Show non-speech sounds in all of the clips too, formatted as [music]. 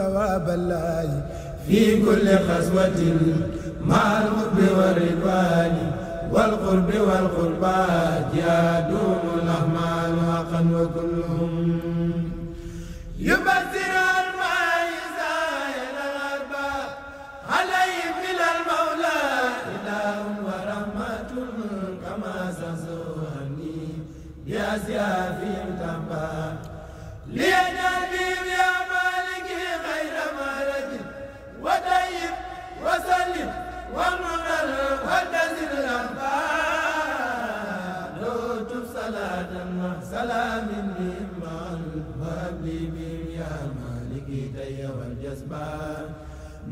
ثواب الله في كل خزوة مع الحب والرضوان والقرب والقربات يا دوم الرحمن حقا وكلهم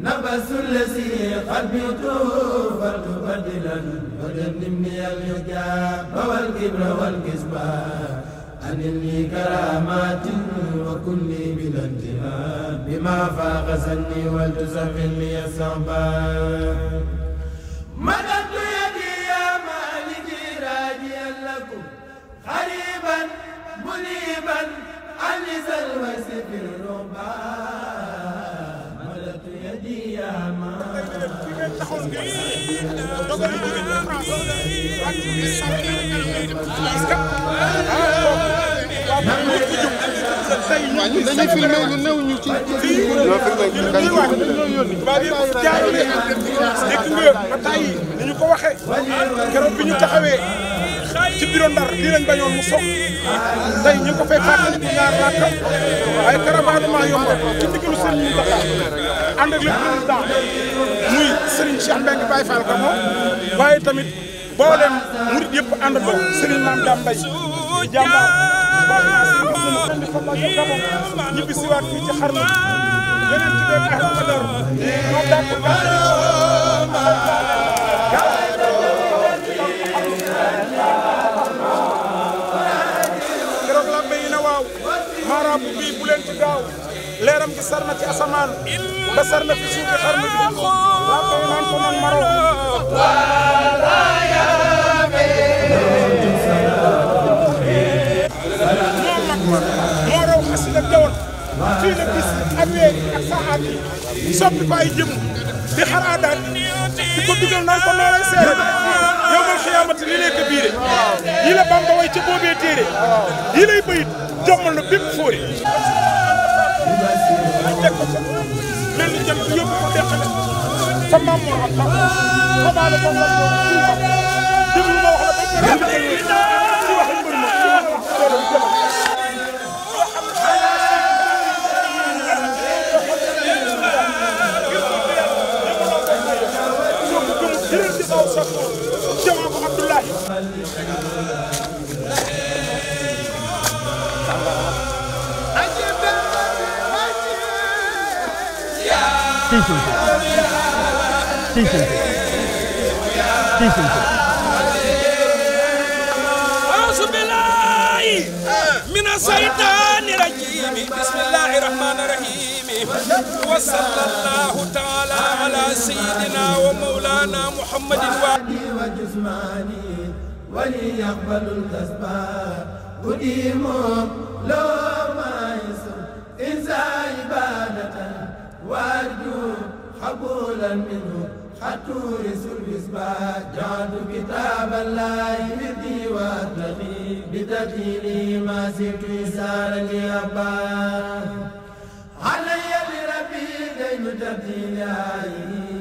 نبس الذي قد يطوفت بدلا وجنبني الحجاب والكبر والكسبى أن لي كرامات وكل بلا انتهاء بما فاق سني ولتسفل لي الصعباء مددت يدي يا مالكي راجيا لكم خريبا منيبا عن سلوى سفر الرباء dogal yi jóge ci France ak santé parce que waaw ñun dañuy filmé ñu néew ñu ci. ñoo filmé kañ waaw ñoo yónni. waaw yëpp jaarale dégg nga bataay yi ni ñu ko waxee keroog bi ñu taxawee ci bureau Ndar lii lañ bañoon mu soog tey ñu ko fay fàttali ko ñaar laaj ko waaye caravanement yomb ci diggalu seen ñu taxaw ànd ak le président. Serigne Cheikh Mbengue Baye Fall ko moom waaye tamit boolem murid yëpp ànd ko Serigne Mame Dame Mbaye jàmbaar ñibbi si waat fii ci xarnu yeneen ci benn ak Badar ñoo dàq ba Marabu bu leen ci gaaw leeram gi sar na ci asamaan ba sar na fi suuf bi xar na fi waa koy naan ko man maroo fii la gis ak weer ak saxaat yi soppi ko ay jëm di xar aadaat di ko dugal naan ko noolay seere yow mal xiyaamati li lay ko biire yi la Bamba way ca boobee téere yi lay bayit jommal na bépp fóore teg ko ca mel ni jël yóbbu ko deqale sa maam moo am tax xabaale ko nga ko kii ko déglu ma wax la ba ci rek ci wax ak mbër ma ci wax ak loolu jëmal Jawab Abdullahi sëñ sëñ sëñ sëñ sëñ sëñ auzu billahi mina saytaani rajiim bismillahi rahmaani rahiim wa sallallahu taala ala sayyidina wa mawlana muhammadin wa jismani وليقبل الكسبان قديم لو ما يسر إنسى عبادة وأرجو قبولا منه خطور سلبس جعلت كتاب الله يردي وأتقي بتدليلي ما سرت وسالا لأبا علي لربي دين تبديلي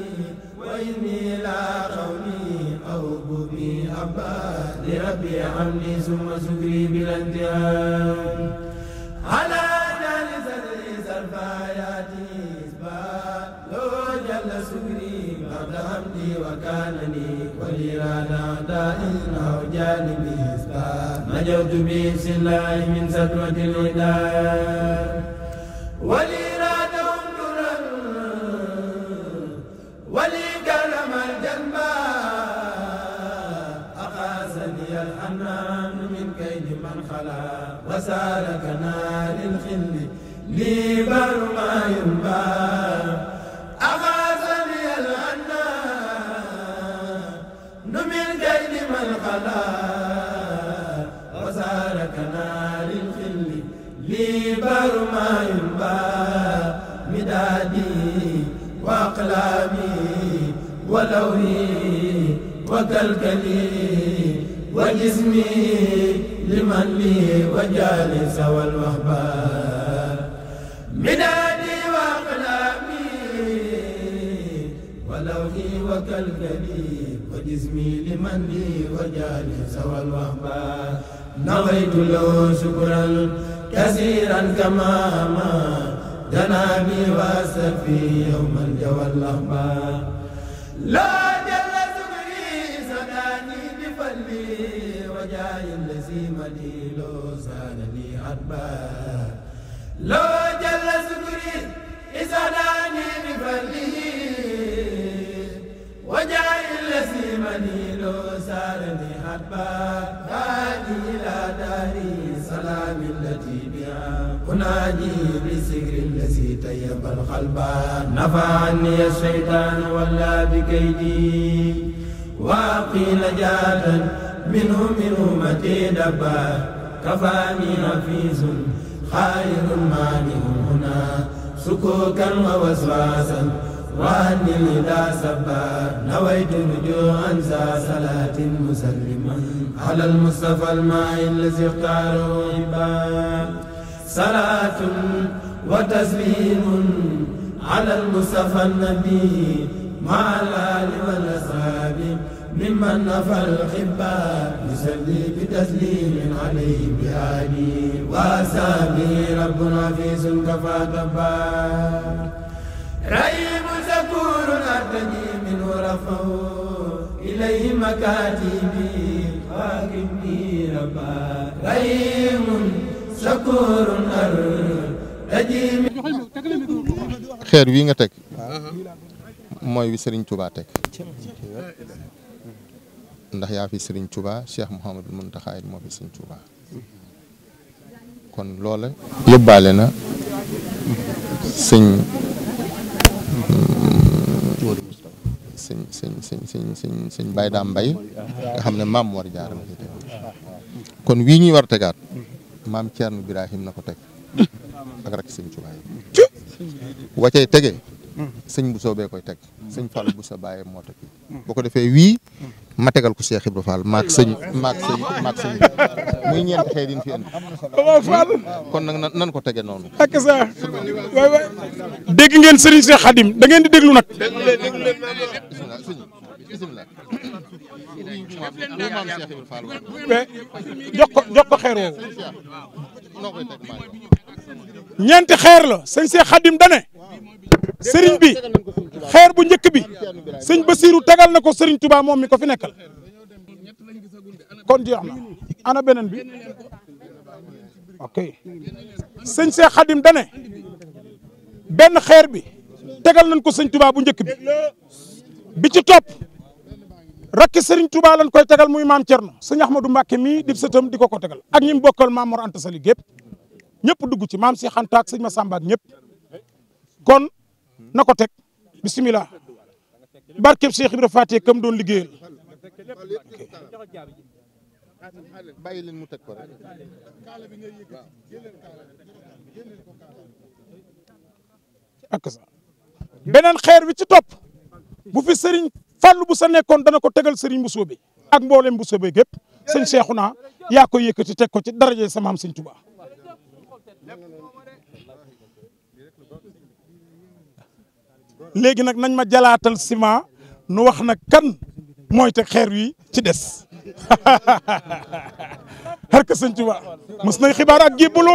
وإني لا قولي أوب بي أبا لربي عملي ثم سكري بلا انتهاء على حمدي وكانني وليرادا دائما وجانبي نجوت بإذن الله من سطوة الهداية وليرادا أمدرا ولي كرم الجنبا أقاسني الحنان من كيد من خلا وساركنا للخل لي بر ما ينبغي لنا وزاركنا للخل لي برما ينبى مدادي وأقلامي ولوي وكلكلي وجسمي لمن لي وجالس والوهبة مدادي وأقلامي ولوي وكلكلي جسمي لمن لي وجالي سوى الوهبة نويت له شكرا كثيرا كما ما دنا بي واسفي يوما جوى اللهبة لا جل سكري سداني بفلي وجاي الذي مديلو سال لي عتبا لو جل سكري سداني بفلي أناني بسكر الذي طيب القلب نفعني الشيطان ولا بكيدي وقيل جادا منه من أمتي دبا كفاني نفيس خير مانع هنا سكوكا ووسواسا وأني إذا سبى نويت رجوعا ذا صلاة مسلما على المصطفى الماء الذي اختاره عباد صلاة وتسليم على المصطفى النبي مع الآل والأصحاب ممن نفى الخبا يسلي بتسليم عليه بآله وأسامي ربنا في سلك فاتبا ريب أبني من رفعه إليه مكاتبي واكبني ربا ريم شكور أرجي xeer wi nga teg mooy wi Serigne Touba teg ndax yaa fi Serigne Touba Cheikh Mouhamadou Mountakha moo fi Serigne Touba kon loola yóbbaale na sëñ Modou Moustapha sëñ sëñ sëñ sëñ sëñ sëñ xam ne maam Mor Diarra ma kon wii ñuy war a tegaat maam Thierno Birahim na ko teg ak rek sëñ Tuubaa yi wacay tege sëñ Bousso bee koy teg sëñ Fallou Bousso bàyyee moo teg boo ko defee wii ma tegal ko seex Ibra Fall maak sëñ maak sëñ muy ñeenti xëy din fi indi kon nag nan ko tege noonu ak sa dégg ngeen sëriñ Cheikh Khadim da di déglu nag bismillah jox xeer woowu ñeenti xeer la sëñ see Xadim dane sëriñ bi xeer bu njëkk bi sëñ Basiiru tegal na ko sëriñ Tuubaa moom mi ko fi nekk nekkal kon jeex na ana beneen bi ok sëñ Seex Xadim dane benn xeer bi tegal nañ ko sëñ Tuubaa bu njëkk bi bi ci rakki Serigne Touba lañ koy tegal muy maam Thierno sëñ Ahmadou Mbacke mii di sëtam di ko ko tegal ak ñi mu bokkal maam Mor Anta Sali gépp ñëpp dugg ci maam Cheikh Anta ak sëñ Massamba ak ñëpp kon na ko teg bisimilah barkeb Cheikh Ibra Faty kam doon liggéeyal bàyyi leen mu teg ko rek beneen xeer bi ci topp bu fàllu bu sa nekkoon dana ko tegal sëriñ bu soobe ak mboolem bu soobe gépp sëñ Seexuna yaa ko yëkkati teg ko ci daraje sa maam sëñ Tuubaa nag nañ ma jalaatal ciment nu wax nag kan mooy teg xeer wi ci des xar ka sëñ Tuubaa mës nay xibaar ak jébbalu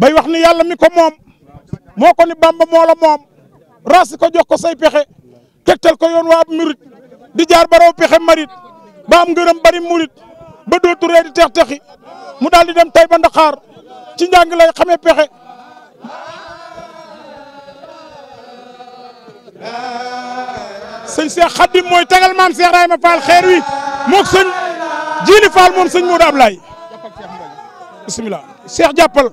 bay wax ni yàlla mi ko moom moo ko ni Bàmba moo moom raasi ko jox ko say pexe tegtal ko yoon waa ab murit di jaar ba pexe marit ba ngërëm bari murit ba dootu ree di tex texi mu daal di dem tay ba Ndaxaar ci njàng lay xamee pexe. sëñ Cheikh Khadim mooy tegal maam Cheikh Rahima Fall xeer wi moog sëñ Jili Fall moom sëñ Modou Ablaye bisimilah. Cheikh jàppal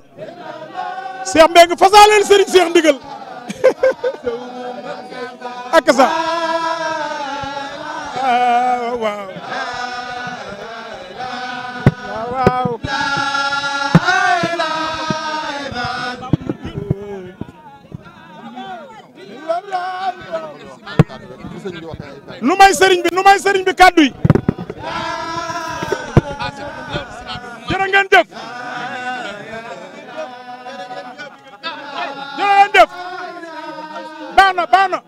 Cheikh Mbengue fasaa leen Serigne Cheikh ndigal. ak sa waaw waaw waaw nu may sëriñ bi nu may sëriñ bi kàddu yi jërë ngeen jëf na baax na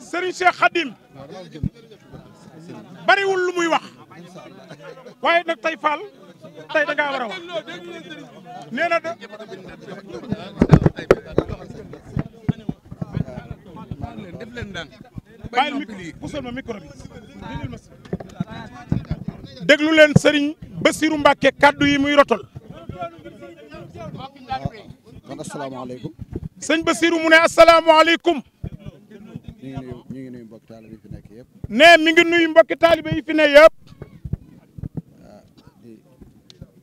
Serigne Cheikh Khadim lu muy wax waaye nag tey Fall tey leen Serigne Bassirou Mbacke yi muy rotol. sëñ Basiru mu ne asalaamaaleykum. ñu ngi nuyu mbokki taalibe yi fi nekk yëpp. nee mi ngi nuyu mbokki taalibe yi fi ne yëpp. Ah,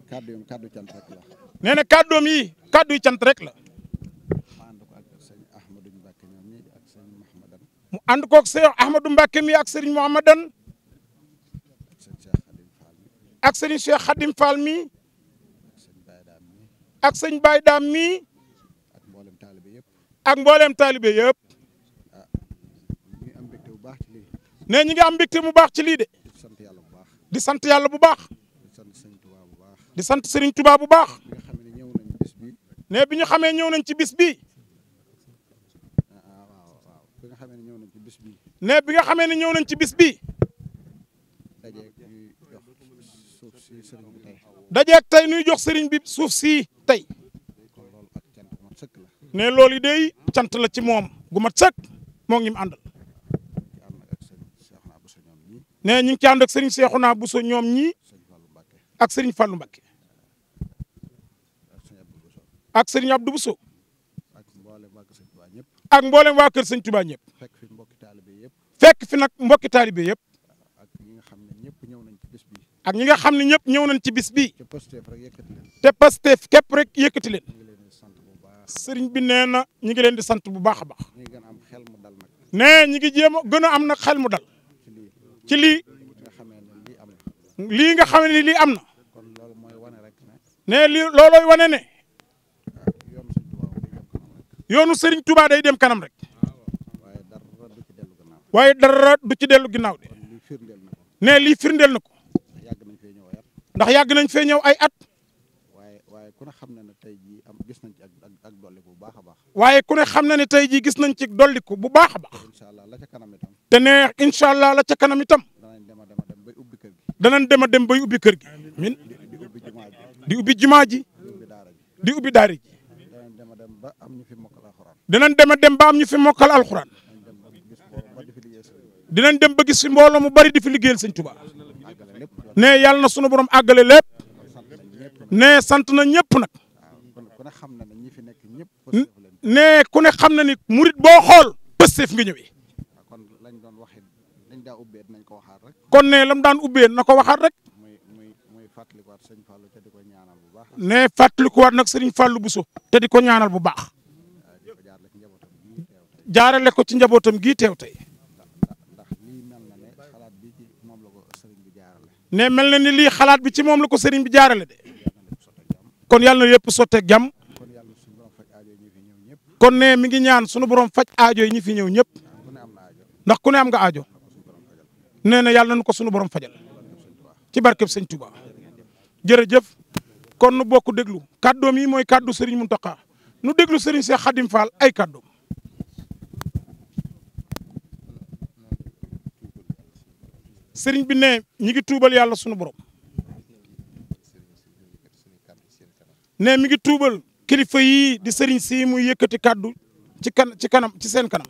kaddu yi kaddu cant rek la. nee na kaddoom yi kaddu yi cant rek la. mu ànd koog sëñ Ahmadou Mbacke mi ak sëriñ Mouhamadan. ak sëriñ Cheikh Khadim Fall mi. ak sëñ Baye Dame mi. ak mbooleem taalibe yëpp. ne ñi ngi am mbégte bu baax ci lii de. di sant yàlla bu baax. di sant yàlla bu baax. di sant Serigne Touba bu baax. ne bi ñu xamee ñëw nañ ci bis bii. nee bi nga xamee ne ñëw nañ ci bis bii. dajeeg tey nuy jox Serigne bi suuf si tey. ne loolu day cant la ci moom gu mat sëkk moo ngi mu àndal. ne ñu ngi ci ànd ak Serigne Cheikhouna Bousso ñoom ñii ak Serigne Fallou Mbacké ak Serigne Abdou Bousso ak mboole waa kër Serigne Touba ñëpp fekk fi nag mbokki taalibe yëpp ak ñi nga xam ne ñëpp ñëw nañ ci bis bi ak ñi nga xam ne ñëpp ñëw nañ ci bis bi te Pastef képp rek yëkkati leen sëriñ bi nee na ñu ngi leen di sant bu baax a baax. nee ñu ngi jéem a gën am na xel mu dal. ci lii lii nga xam ni lii am na. nee lii loolooy wane ne. Ah, yoonu sëriñ Touba day dem kanam rek. Ah, waaye dara du ci dellu ginnaaw de. nee lii firndel na ko. ndax yàgg nañ fee ñëw ay at. ku ne xam na ne tey jii am gis nañ ci ak ak dolliku bu baax a baax. waaye ku ne xam na ne tey jii gis nañ ci ko bu baax a baax. allah la ca te ne incha allah la ca kanam itam. danañ dem a dem bay ubbi kër gi. danañ dem a dem bay ubbi kër gi. min di ubbi jumaa ji. di ubbi jumaa ji. di ubbi daara ji. di ubbi dem ba am ñu fi mokkal alxuraan. danañ dem a dem ba ñu fi mokkal alxuraan. dinañ dem ba gis fi mbooloo mu bari di fi liggéeyal sëñ Tuubaa. ne yàlla na sunu borom àggale lépp ne sant na ñëpp nag. ne ku ne xam na ni murit boo xool Pastef nga ñëwee. kon ne la mu daan ubbee na ko waxaat rek. nee fàttalikuwaat nag Serigne Fallou Bousso te di ko ñaanal bu baax. le ko ci njabootam gii teew tey. ne mel na ni lii xalaat bi ci moom la ko Serigne bi jaarale de. kon yàlla na yëpp sotteeg jàmm kon ne mi ngi ñaan sunu borom faj aajo yi ñi fi ñëw ñëpp ndax ku ne am nga aajo nee na yàlla nu ko sunu borom fajal ci barkeb sëñ Touba jërëjëf kon nu bokk déglu kàddoom yi mooy kàddu Serigne Mountakha nu déglu Serigne see Khadim Fall ay kàddoom. Serigne bi ne ñi ngi tuubal yàlla sunu borom. ne mi ngi tuubal kilifa yii di sëriñ si muy yëkkati kàddu ci kan ci kanam ci seen kanam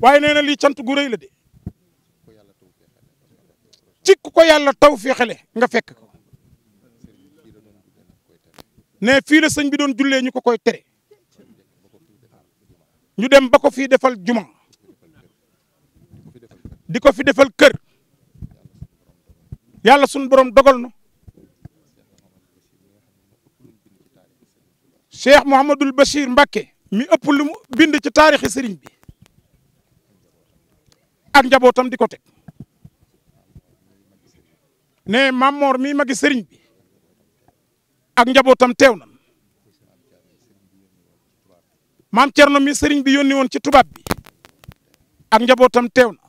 waaye nee na lii cant gu rëy la de ci ko yàlla taw fii nga fekk ko ne fii la sëñ bi doon jullee ñu ko koy tere ñu dem ba ko fii defal juma di ko fi defal kër yàlla sunu borom dogal na. Cheikh Mouhamadul Bachir mbake mi ëpp lu bind ci taarixi sëriñ bi ak njabootam di ko teg ne Mamor mi magi sëriñ bi ak njabootam teew na maam Thierno mi sëriñ bi yónni woon ci tubaab bi ak njabootam teew na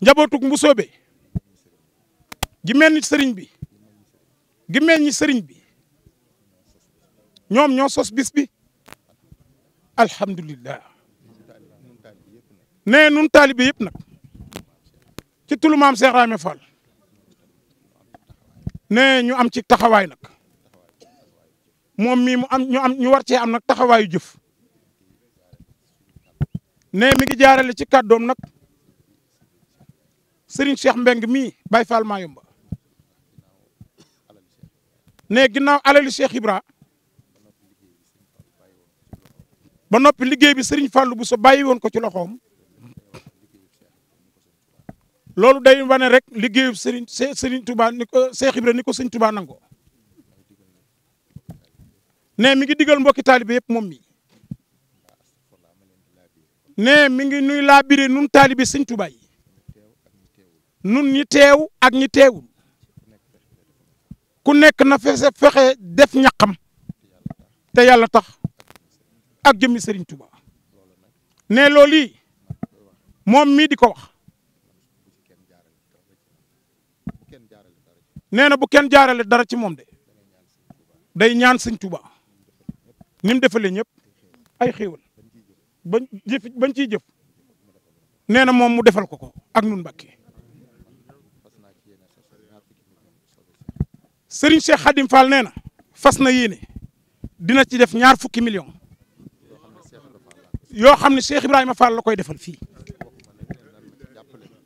njabootug mbusoobe gi mel ni sëriñ bi gi mel ni sëriñ bi ñoom ñoo sos bis bi alhamdulillah ne nun taalibe yëpp nag ci tulu maam Cheikh Rahma ñu am ci taxawaay nag moom mii mu am ñu am ñu war cee am nag taxawaayu jëf ne mi ngi jaarale ci kàddoom nag Serigne Cheikh Mbeng mii Baye Fall Mayumba ne ginnaaw alali Cheikh Ibra ba noppi liggéey bi Serigne Fallou Bousso bàyyi woon ko ci loxoom loolu day wane rek liggéeyu Serigne Serigne Touba ni ko Cheikh Ibra ni ko Serigne Touba nango ne mi ngi digal mbokki taalibe yëpp moom mi ne mi ngi nuy laabire nun taalibe Serigne Touba yi nun ñi teew ak ñi teewul ku nekk na fexe fexe def ñaqam te yàlla tax ak jëmmi Serigne Touba ne loolu yi moom mii di ko wax nee na bu kenn jaarale dara ci moom de day ñaan Serigne tuba ni mu defalee ñépp ay xéewal bañ jëf bañ ciy jëf nee na moom mu defal ko ko ak nun Mbàkke Serigne Cheikh Khadim Fall nee na fas na yéene dina ci def ñaar fukki million yoo xam ne Cheikh Ibrahima Fall la koy defal fii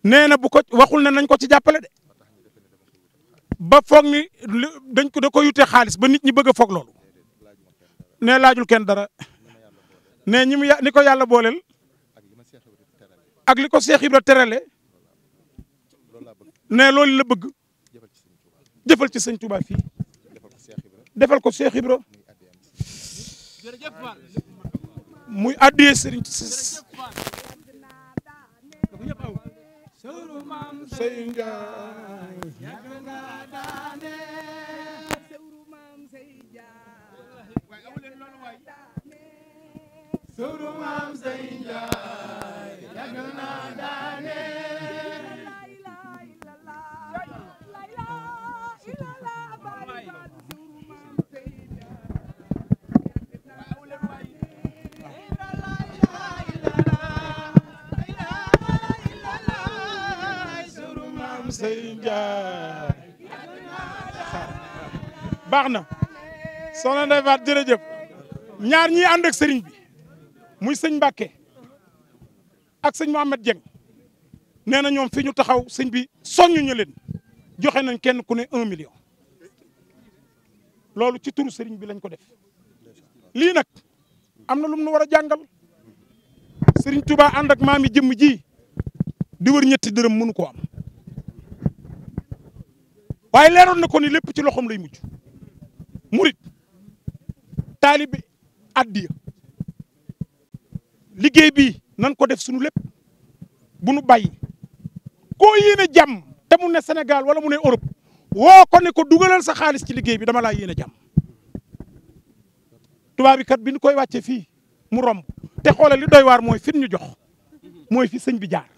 nee na bu ko waxul ne nañ ko ci jàppale de ba foog ni dañ ko da ko yute xaalis ba nit ñi bëgg foog loolu nee laajul kenn dara ne ñi ya ni ko yàlla booleel ak li ko Cheikh Ibra terale ne loolu la bëgg jëfal ci sëñ Touba fii defal ko Cheikh Ibra. mu addiyee sëriñ suru maam say njaay yàgg naa daane sëñ Njaay baax na soxna Ndeye Faat jërëjëf ñaar ñiy ànd sëriñ bi muy sëñ Mbàkke ak sëñ Mohamed Dieng nee na ñoom fi taxaw sëñ bi soññu leen joxe nañ kenn ku ne un million loolu ci turu sëriñ bi lañ ko def lii nag am na lum mu nu war a jàngal sëriñ Touba ànd ak maam yi jëmm ji di wër ñetti dërëm mënu ko am waaye leeroon na ko ni lépp ci loxoom lay mujj murit taalibe addiya liggéey bi nan ko def suñu lépp bu nu bàyyi koo yéene jàmm te mu ne senegal wala mu ne Europe woo ko ne ko dugalal sa xaalis ci liggéey bi dama laa yéene jàmm tubaab bi kat bi ñu koy wàcce fii mu romb te xoolal li doy waar mooy fi ñu jox mooy fi sëñ bi jaar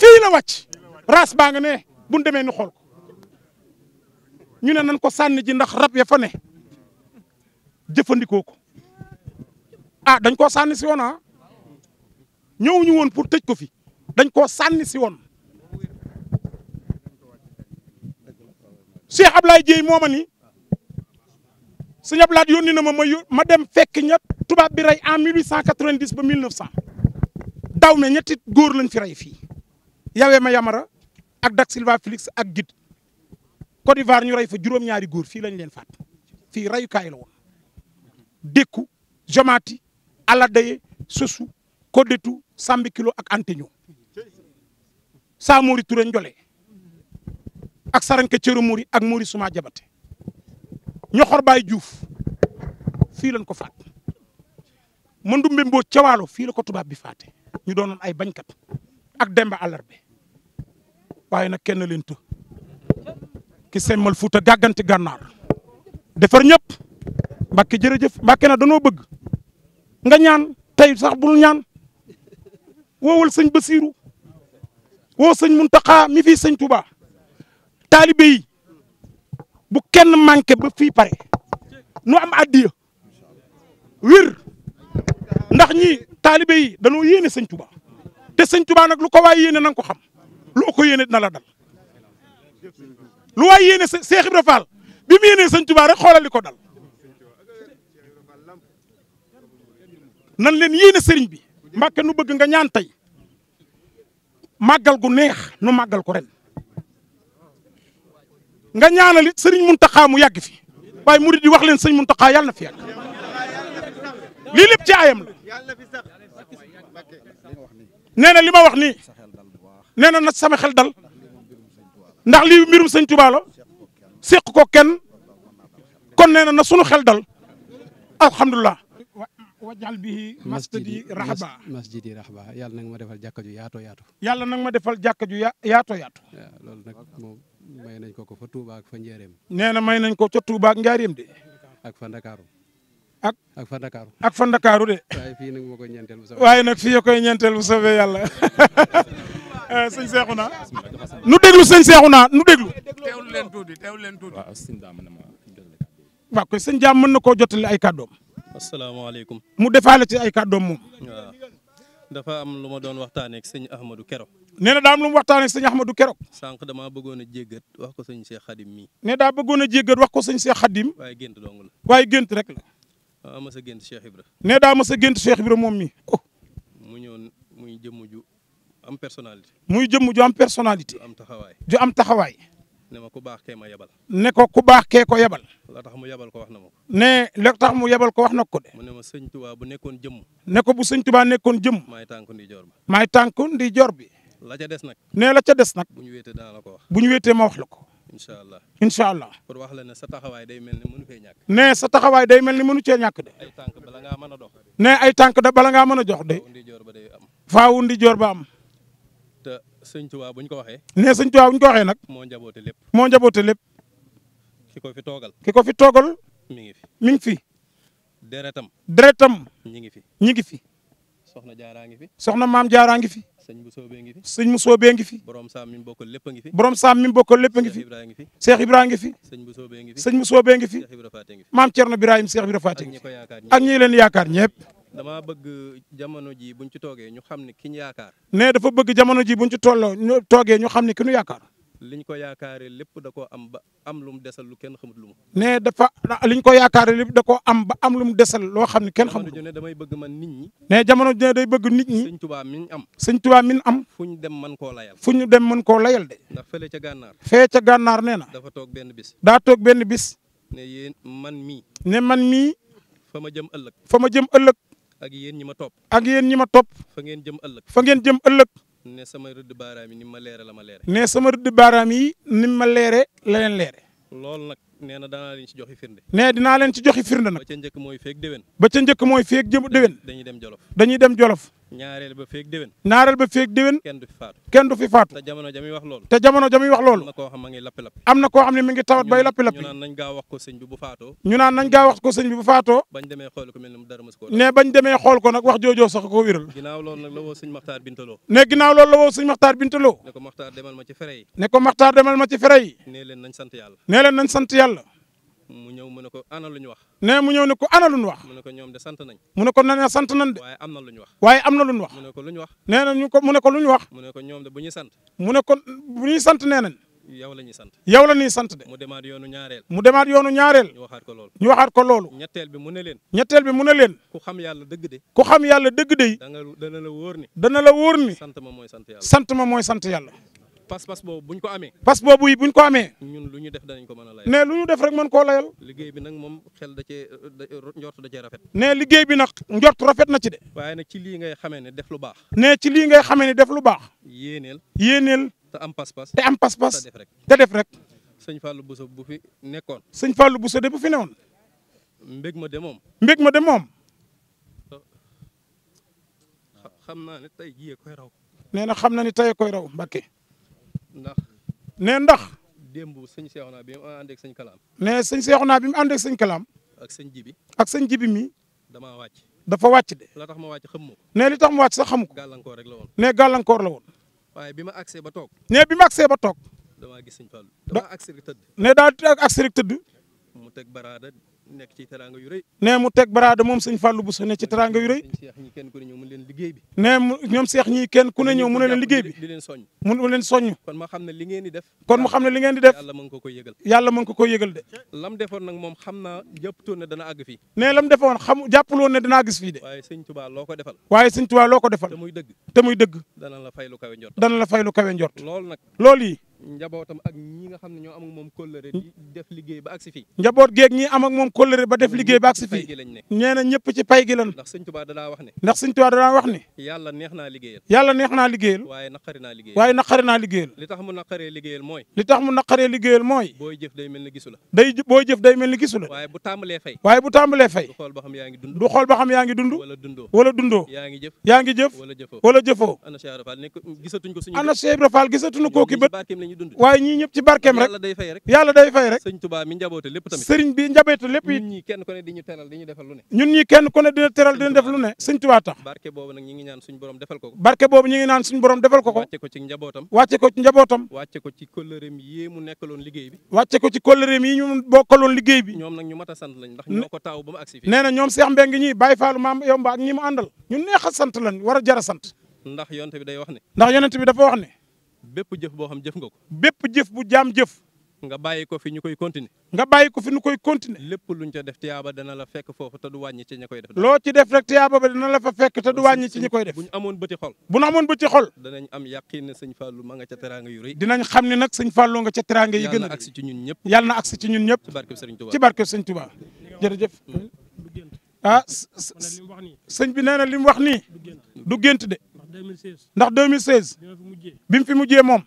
fii la wàcc raas baa nga ne buñ demee ni xool ko ñu ne nañ ko sànni ji ndax rab ya fa ne jëfandikoo ko ah dañ koo sànni si woon ah ñëw ñu woon pour tëj ko fi dañ koo sànni si woon Cheikh Ablaye Dieye mooma ni sëñ Ablaye yónni na ma ma ma dem fekk ña tubaab bi rey en 1890 ba mille cent daw me ñetti góor lañ fi rey fii yawee ma yamara ak Dax Silva Félix ak Guède Côte d'Ivoire ñu rey fa juróom-ñaari góor fii lañ leen faat fii reyukaay la woon Dékku Jomati Aladaye Sosu Kodetu Sambi Kilo ak Anteño Samori Touré Njole ak Saranke Cëru Mori ak Mori Suma Jabate Ñoxor Baay Juuf fii lañ ko faat Mandumbe Mbóot ca Waalo fii la ko tubaab bi faate ñu doonoon ay bañkat ak Demba Alarbe waaye nag kenn leen të ki semmal Fuuta gàgganti gànnaar defar ñëpp Mbàkke jërëjëf Mbàkke na danoo bëgg nga ñaan tey sax bul ñaan woowal sëñ Basiiru woo sëñ Muntaxa mi fi sëñ Tuubaa taalibe yi bu kenn manqué ba fii pare nu am addiya wér ndax ñi taalibe yi danoo yéene sëñ Tuubaa te sëñ Tuubaa nag lu ko waay yéene na nga ko xam loo ko yéene na la dal lu waay bi mu yéenee sëñ Tuubaa rek ko dal nan leen yéene sëriñ bi Mbàkke nu bëgg nga ñaan tey màggal gu neex nu màggal ko ren nga ñaanal it sëriñ Muntaxa mu yàgg fi waaye mu yi wax leen sëriñ Muntaxa yàlla na fi lii lépp ci ayam la nee na li ma wax nii nee na sama xel dal ndax lii mbirum sëñ Tuubaa la ko kenn kon nee na na sunu xel dal alhamdulilah. wajal bihi masjidi rahba masjidi rahba yàlla nag ma defal jàkka ju yaato yaatu yàlla nag ma defal jàkka ju yaato yaatu loolu nag moom may nañ ko ko fa Touba ak fa Njaareem nee na may nañ ko ca Touba ak Njaareem de ak fa Ndakaaru ak fa Ndakaaru ak fa Ndakaaru de waaye fii nag ma koy ñeenteel bu soobee waaye yàlla [laughs] Euh, sëñ Seexuna nu déglu sëñ Seexuna nu déglu. teewlu leen tuuti teewlu leen tuuti. waaw koy sëñ Daam mën na koo jottali ay kàddoom. asalaamaaleykum. mu defaale ci ay kàddoom moom. waaw dafa am lu ma doon waxtaanee ak sëñ Ahmadou Kero. nee na daa am lu mu waxtaanee ak sëñ Ahmadou Kero. sànq bëggoon a jéggat wax ko sëñ Cheikh Khadim mi nee daa bëggoon a jéggat wax ko sëñ Cheikh Khadim. waaye gént waaye gént rek la. daa mës a gént Cheikh Ibra. nee daa a gént Cheikh Ibra moom mii. mu ñëwoon muy ju am personnalité. muy jëmm ju am personnalité. ju am taxawaay ju am taxawaay. ne ma ku baax kee ma yabal ne ko ku baax kee ko yebal. la tax mu yabal ko wax na ma ne la tax mu yabal ko wax na ko de. mu ne ma sëñ Tuba bu nekkoon jëmm. ne ko bu sëñ Tuba nekkoon jëmm. maay tànku ndi joor bi. maay tànku ndi joor bi. la ca des nag. ne la ca des nag. bu ñu wéetee dana la ko wax. bu ñu wéetee ma wax la ko. incha allah incha allah. pour wax la ne sa taxawaay day mel ni mënu fee ñàkk. ne sa taxawaay day mel ni mënu cee ñàkk de. ay tànk bala ngaa mën a dox. ne ay tànk da bala ngaa mën a jox de. faawu ndi joor ba am. te sëñ Tuubaa bu ñu ko waxee. nee sëñ Tuubaa bu ñu ko waxee nag. moo njaboote lépp moo njaboote lépp. ki ko toogal. ki ko fi toogal. mi ngi fi mi ngi fi. deretam. deretam. ñi ngi fi ñi ngi fi. soxna jaaraa ngi fi. soxna maam jaaraa ngi fi. sëñ bu soobee ngi fi. sëñ bu soobee ngi fi. borom saam mi mu bokkal lépp a ngi fi. borom saam mi mu bokkal lépp a ngi fi. Cheikh bu soobee ngi fi. maam Thierno Birahim Cheikh Ibrahima ak ñi leen yaakaar ñëpp. dama bëgg jamono ji buñ ci toogee ñu xam ne ki ñu yaakaar. nee dafa bëgg jamono ji buñ ci tolloo ñu toogee ñu xam ne ki ñu yaakaar. liñ ko yaakaaree lépp da koo am ba am lu mu desal lu kenn xamut lu mu. nee dafa liñ ko yaakaaree lépp da koo am ba am lu mu desal loo xam ne kenn xamut. jamono ju ne damay bëgg man nit ñi. nee jamono ju ne day bëgg nit ñi. sëñ Tuubaa mi am. sëñ Tuubaa mi am. fu ñu dem man koo layal. fu ñu dem mën koo layal de. ndax fële ca gànnaar. fee ca gànnaar nee na. dafa toog benn bis. daa toog benn bis. ne man mii. ne man mii. fa ma jëm ëllëg. fa ma jëm ëllëg. ak yéen ñi ma topp. ak yéen ñi ma topp. fa ngeen jëm ëllëg. fa ngeen jëm ëllëg. ne sama rëdd baaraam yi ni ma leere la ma leere. ne sama rëdd baaraam yi ni ma leere la leen leere. loolu nag nee na danaa leen ci joxi firnde. nee dinaa leen ci joxi firnde nag. ba ca njëkk mooy feeg déwén. ba ca njëkk mooy feeg jëm déwén. dañuy dem Jolof dañuy dem Jolof. ñaareel ba feeg déwén. ñaareel ba feeg déwén. kenn du fi faatu kenn du fi faatu. wax loolu. te jamono ja muy wax loolu. am na koo xam ne mi na tawat bay lappi lappi. ñu ko sëñ bi bu faatoo. ñu naan nañ gaa wax ko sëñ bi bu faatoo. bañ ne bañ demee xool ko nag wax joojoo sax koo wéral. ginnaaw loolu nag la woo sëñ Maxtaar Bintaloo. ne ginnaaw loolu la woo sëñ Maxtaar Bintaloo. ne ko Maxtaar demal ma ci fere yi. ne ko ma ci fere leen nañ sant yàlla. nee leen nañ sant yàlla mu ñëw mu ne ko ana lu ñu wax. nee mu ñëw ne ko ana lu ñu wax. mu ko ñoom de sant nañ. mu ne ko nee na sant nañ de. waaye am na lu ñu wax. waaye am na wax. mu ne ko lu ñu wax. nee na ñu ko mu ne ko lu ñu wax. ko ñoom de bu sant. mu ne ko bu ñuy sant nee nañ. yow ñuy sant. yow la ñuy sant de. mu demaat yoonu ñaareel. mu demaat yoonu ñaareel. ñu waxaat ko loolu. ñu waxaat loolu. ñetteel bi mu ne leen. ñetteel bi mu ne leen. ku xam yàlla dëgg de. ku xam yàlla dëgg de. dana la wóor ni. dana la woor ni. sant ma mooy sant yàlla. sant ma mooy sant yàlla. pas-pas boobu buñ ko amee. pas boobu yi buñ ko amee. ñun lu ñu def danañ ko mën a layal. ne lu ñu def rek mën koo layal. liggéey bi nag moom xel da cee njort da cee rafet. ne liggéey bi nag njort rafet na ci de. waaye nag ci lii ngay xamee ne def lu baax. ne ci lii ngay xamee ne def lu baax. yéeneel. yéeneel. te am pas-pas. te am pas-pas te def rek. te def rek. sëñ Fallou Bousso bu fi nekkoon. sëñ Fallou Bousso de bu fi newoon. mbég ma de moom. mbég ma de moom. xam naa ne tey jii koy raw. nee na xam na ni tey koy raw Mbacke. ndax ne ndax. démb sëñ Seexuna bi mu ànd ak sëñ Kalaam. ne sëñ Seexuna bi mu ànd ak sëñ Kalaam. ak sëñ Jibi. ak sëñ Jibi mi. damaa wàcc. dafa wàcc de. la tax ma wàcc xamu ko. ne li tax ma wàcc sax xamu ko. gàllankoor rek la woon. ne gàllankoor la woon. waaye bi ma agsee ba toog. ne bi ma agsee ba toog. damaa gis sëñ Fallu. damaa agsi rek tëdd. ne daa agsi rek tëdd. mu teg nee mu teg baraada moom sëñ Fallou Bousso ne ci teraanga yu rëy nee mu ñoom seex ñii kenn ku ne ñëw mu ne leen liggéey bi mu leen soññ kon mu xam ne li ngeen di def yàlla mën ko koy yëgal yàlla mën ko koy yëgal de lam defoon nag moom xam naa jàpputoon ne dana àgg fi nee lam defoon xam jàppuloon ne dana àgg fii de waaye sëñ Tuubaa loo ko defal waaye sëñ Tuubaa loo ko defal te muy dëgg dana la fay lu kawe njort dana la fay lu kawe njort loolu nag loolu yi njabootam ak ñi nga xam ne ñoo am moom kóllëre di def liggéey njaboot géeg ñi am moom kóllëre ba def liggéey ba agsi fii nee na ñëpp ci pay gi lañ ndax sëñ Tuubaa wax ne ndax sëñ Tuubaa danaa ne yàlla neex naa liggéeyal yàlla neex naa liggéeyal waaye naqari na liggéeyal waaye naqari naa liggéeyal li tax mu naqaree liggéeyal mooy li tax mu naqaree liggéeyal mooy booy jëf day mel ni gisu la day booy jëf day waaye bu tàmbalee fay waaye bu tàmbalee fay du xool ba xam yaa ngi dund du xool ba wala dundoo yaa ngi jëf wala jëfoo ana Cheikh Ibra Fall ko suñu ana Cheikh waaye ñii ñëpp ci barkeem rek yàlla day fay rek sëriñ Tuubaa mi njaboote lépp tamit sëriñ bi njaboote lépp it lu ne ñun ñii kenn ku ne dina teral dina def lu ne sëriñ Tuubaa tax barke boobu nag ñi ñaan suñu borom defal ko barke boobu ñi ngi naan borom defal ko ko wàcce ko ci njabootam wàcce ko ci njabootam wàcce ko ci kóllëreem yi mu nekkaloon liggéey bi wàcce ko ci kóllëreem bi ñoom nag ñu sant lañ ndax ñoo ko taaw ba mu agsi ñoom Seex Mbeng ñii bépp jëf boo xam jëf nga ko. bépp jëf bu jaam jëf. nga bàyyi ko fi ñu koy continuer. nga bàyyi ko fi ñu koy continuer. lépp luñ ca def tiyaaba dana la fekk foofu te du wàññi ci ñi koy def. loo ci def rek tiyaaba ba dana la fa fekk te du wàññi ci ñi koy def. bu ñu amoon bëti xol. bu ñu amoon bëti xol. danañ am yàqin ne sëñ Fallou ma nga ca teraanga yu rëy. dinañ xam ne nag sëñ Fallou nga ca teraanga yi gën a. yàlla na agsi ci ñun ñëpp. yàlla na agsi ci ñun ñëpp. ci barkeb sëñ Touba ci barkeb sëñ Touba. jërëjëf mm. ah sëñ bi nee na li mu wax nii du gént de ndax 2016 bi mu fi mujjee moom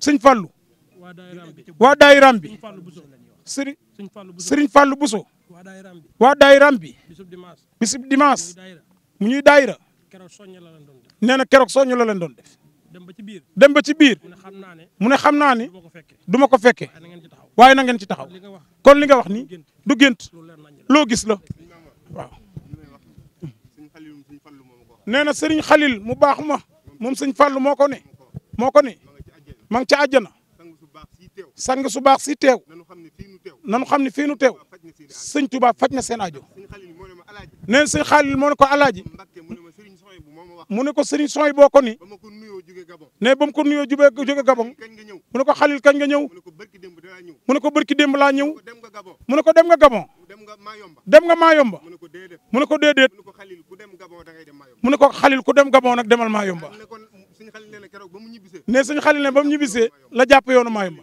sëñ Fallou waa daayiraam bi sëriñ sëriñ Fallou Bousso waa daayiraam bi bisub dimanche mu ñuy daayira nee na keroog soñu la leen doon def dem ba ci biir mu ne xam naa ne du ma ko fekke waaye na ngeen ci taxaw kon li nga wax ni du gént loo gis la waaw. nee na sëriñ xalil mu baax ma moom sëñ fàllu moo ko ne moo ko ne ma ngi ca àjjana sang su baax si teew nanu xam ne fii nu teew sëñ Tuubaa faj na seen aajo nee na sëñ xalil moo ne ko alaaji mu ne ko sëriñ sooy boo ko ni ne ba mu ko nuyoo jugee jóge Gabon mu ne ko xalil kañ nga ñëw mu ne ko bërki démb laa ñëw mu ne ko dem Gabon dem nga Maayomba mu ne ko déedéet ne ba mu ñibbisee la jàpp yoonu Maayomba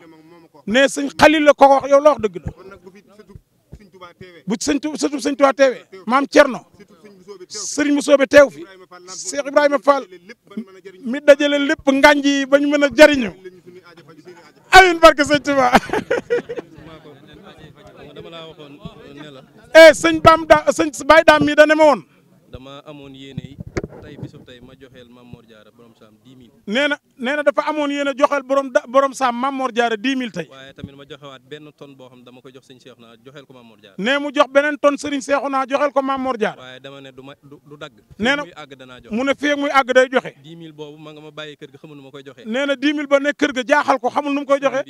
ne sëñ xalil la ko wax yow la dëgg la bu sëñ sëtub sëñ Tuubaa teewee maam Cerno sëriñ Musoobe teew fi Cheikh Ibrahima Fall mi dajale lépp ngànj yi ba ñu mën a jariñu amin barke sëñ Tuba eh sëñ Bam da sëñ Baye Dame mii da ne ma won dama amoon yéene tey bisub tey ma joxeel Mame Mor Diarra borom saam 10000. nee dafa amoon yéen a joxeel borom da borom saam Mame Mor Diarra 10000 waaye tamit ma joxewaat benn ton boo xam ne dama koy jox sëñ Cheikhouna joxeel ko Mame Mor Diarra. nee mu jox beneen tonne sëriñ Cheikhouna joxeel ko Mame Mor Diarra. waaye dama ne du ma du dagg. nee na muy àgg danaa joxe mu ne fii muy àgg day joxe. 10000 boobu ma nga ma bàyyi kër xamul nu koy joxe. nee na 10000 ba ne kër ga jaaxal ko xamul nu mu koy joxe.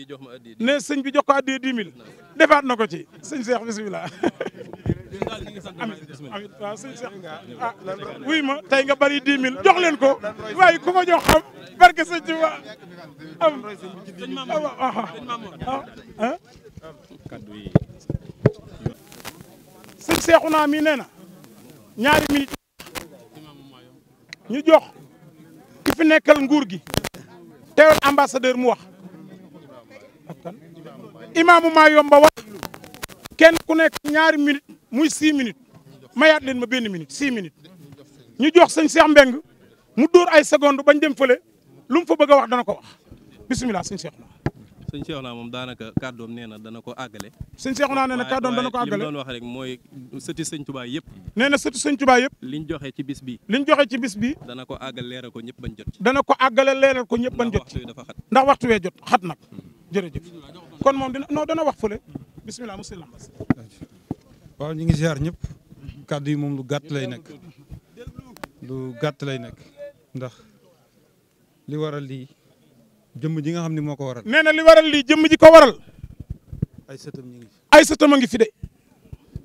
nee sëñ bi jox ko addiya 10000. defaat na ko ci sëñ Cheikh bismillah [laughs] waaw wuy ma tey nga bari 10 000 jox leen ko waaye ku ma jox xam barke sëñ Tuba am mi nee ñaari minit ñu jox ki fi nekkal nguur gi teewal ambassadeur mu wax imaamu yomba wax kenn ku nekk ñaari minute muy 6 minutes mayaat leen ma benn minute 6 minutes ñu jox sëñ Cheikh Mbeng mu dóor ay seconde bañ dem fële lu mu fa bëgg wax dana ko wax bisimilah sëñ Cheikh. sëñ Cheikhouna moom daanaka kàddoom nee na dana ko àggale. sëñ Cheikhouna nee na kàddoom dana ko àggale waaye li mu doon wax rek mooy sëti sëñ Tuubaa yëpp. nee na sëti sëñ joxe ci bis bi liñ joxe ci bis bi dana ko àggale leeral ko ñëpp bañ jot ci. dana ko àggale leeral ko ñëpp bañ jot ci ndax waxtu wee jot xat nag jërëjëf kon moom dina non dana wax fële bisimilah. waaw ñu ngi ziar ñëpp kàddu yi moom lu gàtt lay nekk lu gàtt lay nekk ndax li waral lii jëmm ji nga xam ne moo ko waral. nee na li waral lii jëmm ji ko waral. ay sëtam ñu ngi fi. ay sëtam a ngi fi de.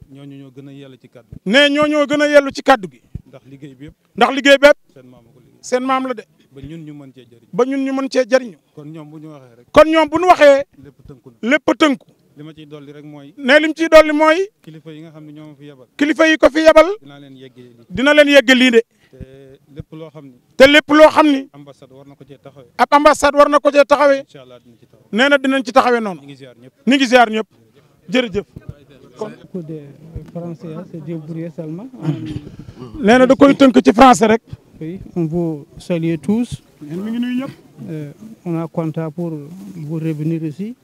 ñooñu ñoo gën a yellu ci kàddu gi. nee ñoo ñoo gën a yellu ci kàddu gi. ndax liggéey bi yëpp. ndax liggéey bépp. seen maam la ko liggéey seen maam la de. ba ñun ñu mën cee jëriñu. ba ñun ñu mën cee jëriñu. kon ñoom bu ñu waxee rek. kon ñoom bu ñu waxee. lépp tënku lépp tënku. li ma ciy dolli rek mooy. ne lim ciy dolli mooy. kilifa yi nga xam ne ñoo fi yebal. yi ko fi yebal. dina leen yegg dina leen yegg lii de. te lépp loo xam ni. te lépp loo xam ni. ambassade war na ko cee taxawee. ab ambassade war na ko cee taxawee. incha allah dinañ ci taxawee nee na dinañ ci taxawee noonu. ñu ngi ziar ñëpp ñu ngi ziar ñëpp jërëjëf. nee na da koy tënk ci français rek. oui on vous salue tous. mi ngi nuyu ñëpp. Euh, on a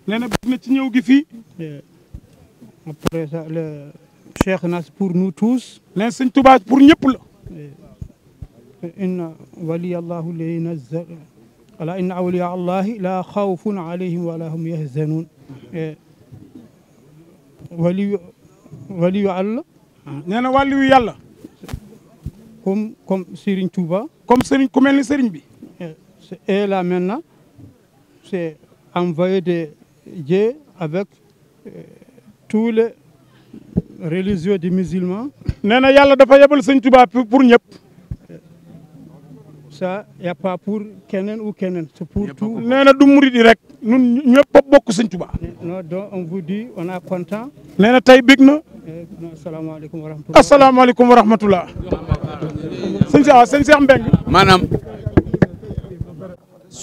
na ci ñëw gi fii. Euh, après ça le Cheikh Nas pour nous tous. nee sëñ tubaa pour ñëpp la. Euh, inna waliya Allahu lay nazzal ala inna awliya Allahi la xawfun alayhim wala hum yahzanun. waliyu waliyu Allah. nee na waliyu yàlla. comme comme Serigne Touba. comme Serigne ku mel ni Serigne bi. Et là maintenant, c'est envoyer des dieux avec euh, tous les religieux de musulmans. nee na yàlla dafa yebal sëñ Tuubaa pour ñëpp. ça y' a pas pour keneen ou keneen. c' est pour tout nee du murid rek ñun ñëpp bokk sëñ Tuubaa. non donc on vous dit on est content. nee tey bég na. asalaamaaleykum wa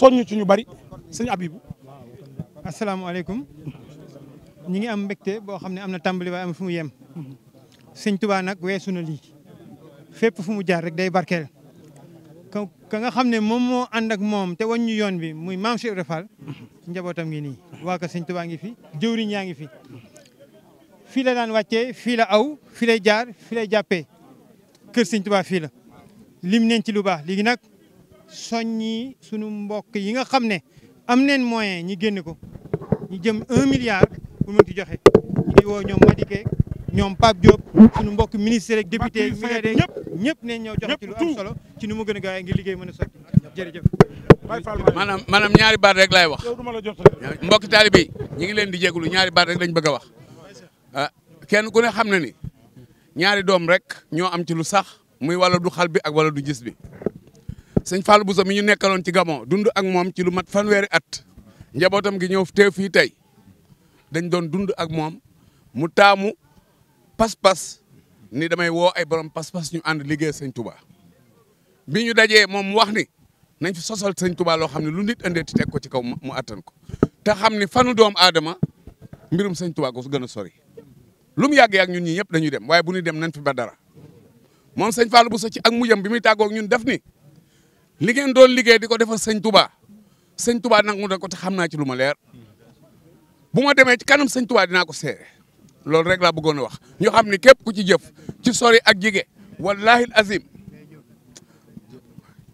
soññ ci ñu bari sëñ Abibu asalaamaaleykum ñi ngi am mbégte boo xam ne am na tàmbali waaye am fu mu yem sëñ Tuubaa nag weesu na lii fépp fu mu jaar rek day barkeel ka ka nga xam ne moom moo ànd ak moom te wañ waññu yoon bi muy maam Cheikh Ibra njabootam ngi nii waa ka sëñ Tuubaa ngi fi jëwriñ yaa ngi fi fii la daan wàccee fii la aw fii lay jaar fii lay jàppee kër sëñ Tuubaa fii la lim neen ci lu baax léegi nag soññi sunu mbokk yi nga xam ne am neen moyen ñi génn ko ñu jëm un milliard ku mën ci joxe di woo ñoom Madické ñoom Pape Diop sunu mbokk ministre ak député yi ñëpp ñëpp ñëpp joxe ci lu am ci nu mu gën a gaawee ngir liggéey mën a sotti jërëjëf. maanaam maanaam ñaari baat rek laay wax mbokk taalibe yi ñu ngi leen di jégalu ñaari baat rek lañ bëgg a wax ah, kenn ku ne xam ne ni ñaari doom rek ñoo am ci lu sax muy wàllu du xal bi ak wàllu du jis bi. sëñ bu Bousso mi ñu nekkaloon ci Gabon dund ak moom ci lu mat weeri at njabootam gi ñëw teew fii tey dañ doon dund ak moom mu taamu pas-pas ni damay woo ay borom pas-pas ñu ànd liggéey sëñ Touba bi ñu dajee moom mu wax ni nañ fi sosal sëñ Touba loo xam ne lu nit andeeti teg ko ci kaw mu attan ko te xam ni fanu doomu adama mbirum sëñ Touba ko gën a sori lu mu yàgg-yàgg ñun ñii ñëpp dañuy dem waaye bu ñuy dem nañ fi ba dara moom sëñ bu Bousso ci ak mujjam bi muy tàggoog ñun def ni li ngeen doon liggéey di ko defal sëñ Touba sëñ Touba nangu na ko te xam naa ci lu ma leer bu ma demee ci kanam sëñ Touba dinaa ko seere loolu rek laa bëggoon a wax ñu xam ni képp ku ci jëf ci sori ak jige wallahi azim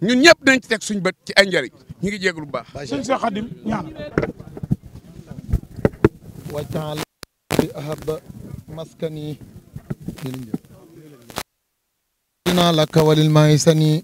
ñun ñëpp nañ ci teg suñ bët ci ay njëriñ ñu ngi jégalu bu baax. sëñ Cheikh Khadim ñaan wa taala bi maskani. dinaa la kawalil maay sani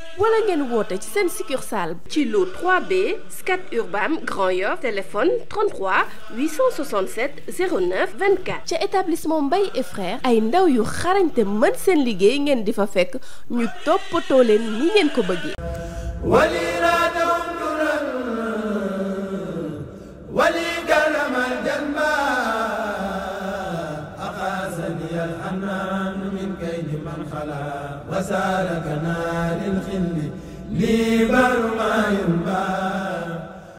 wala ngeen woote ci seen succursale ci lu 3B Scat Urbam Grand Yoff téléphone 33 867 09 24 ca établissement Mbaye et ay ndaw yu xarañte mën seen liggéey ngeen di fa fekk ñu toppatoo leen ni ngeen ko bëggee wali raadam turan wali garamal janba axaasani al anam من خلا وسارك نار الخل لي برما ينبع